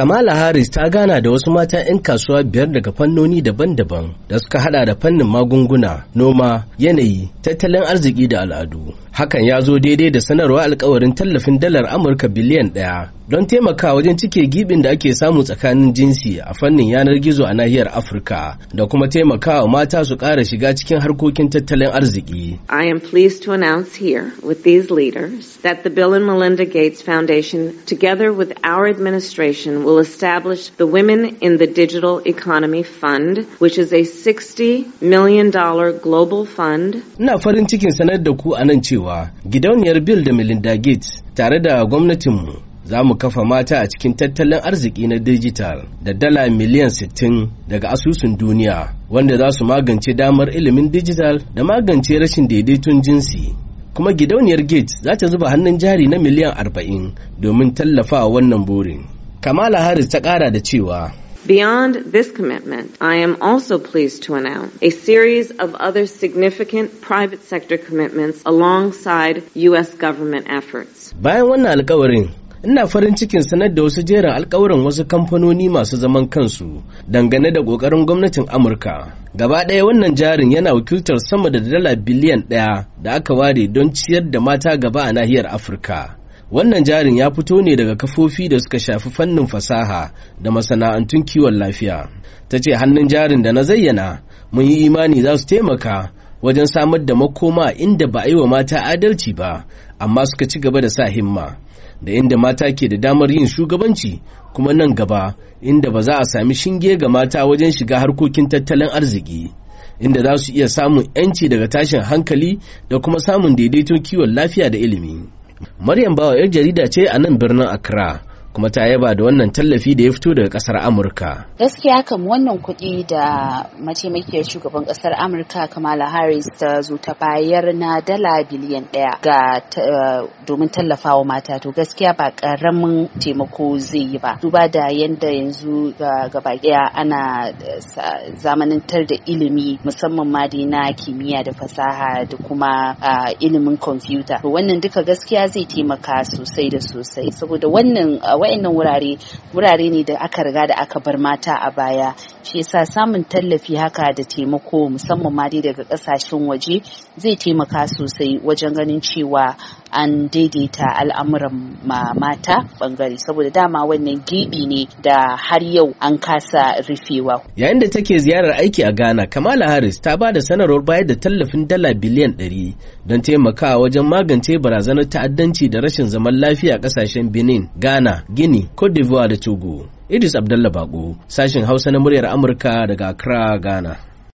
Kamala Harris ta gana da wasu mata 'yan kasuwa biyar daga fannoni daban-daban da suka hada da fannin magunguna, noma, yanayi, tattalin arziki da al'adu. Hakan ya zo daidai da sanarwa alkawarin tallafin dalar Amurka biliyan ɗaya don taimaka wajen cike gibin da ake samu tsakanin jinsi a fannin yanar gizo a nahiyar Afirka da kuma mata su ƙara shiga cikin harkokin tattalin arziki. I am pleased to announce here with these leaders that the Bill and Melinda Gates Foundation together with our administration will establish the Women in the Digital Economy Fund which is a 60 million dollar global fund. Na farin cikin sanar da ku a nan cewa gidauniyar Bill da Melinda Gates tare da gwamnatinmu za mu kafa mata a cikin tattalin arziki na dijital da dala miliyan 60 daga asusun duniya wanda za su magance damar ilimin dijital da magance rashin daidaiton jinsi kuma gidauniyar gates za ta zuba hannun jari na miliyan 40 domin tallafa wannan burin kamala harris ta kara da cewa Beyond this commitment, I am also pleased to announce a series of other significant private sector commitments alongside U.S. government efforts. Bayan wannan alkawarin, ina farin cikin sanar da wasu jerin alkawuran wasu kamfanoni masu zaman kansu dangane da ƙoƙarin gwamnatin amurka gaba ɗaya wannan jarin yana wakiltar sama da dala biliyan ɗaya da aka ware don ciyar da mata gaba a nahiyar afirka wannan jarin ya fito ne daga kafofi da suka shafi fannin fasaha da masana'antun kiwon lafiya ta ce hannun jarin da na zayyana mun yi imani za su taimaka wajen samar da makoma inda ba a yi wa mata adalci ba amma suka ci gaba da sa himma da inda mata ke da damar yin shugabanci kuma nan gaba inda ba za a sami shinge ga mata wajen shiga harkokin tattalin arziki inda za su iya samun 'yanci daga tashin hankali da kuma samun daidaito kiwon lafiya da ilimi. Maryam Bawa 'yar jarida ce a nan birnin Accra. kuma ta yaba da wannan tallafi da ya fito daga kasar amurka gaskiya kam wannan kuɗi da mataimakiyar shugaban kasar amurka kamala harris ta zo ta bayar na dala biliyan ɗaya ga eh, domin tallafawa mata to gaskiya ba ƙaramin taimako zai yi ba duba da yadda yanzu ga ɗaya ana eh, zamanantar da ilimi musamman ma dai na kimiyya da fasaha da kuma ilimin kwamfuta wannan duka gaskiya zai taimaka sosai da sosai saboda wannan wa'annan wurare wurare ne da aka riga da aka bar mata a baya shi yasa samun tallafi haka da taimako musamman ma dai daga kasashen waje zai taimaka sosai wajen ganin cewa an daidaita al'amuran mata bangare saboda dama wannan gibi ne da har yau an kasa rufewa yayin da take ziyarar aiki a ghana kamala harris ta ba da sanarwar bayar da tallafin dala biliyan 100 don taimakawa wajen magance barazanar ta'addanci da rashin zaman lafiya a kasashen benin ghana Gini, Cote d'Ivoire da Togo. Idris Abdallah Bako, sashin Hausa na muryar Amurka daga Accra, Ghana.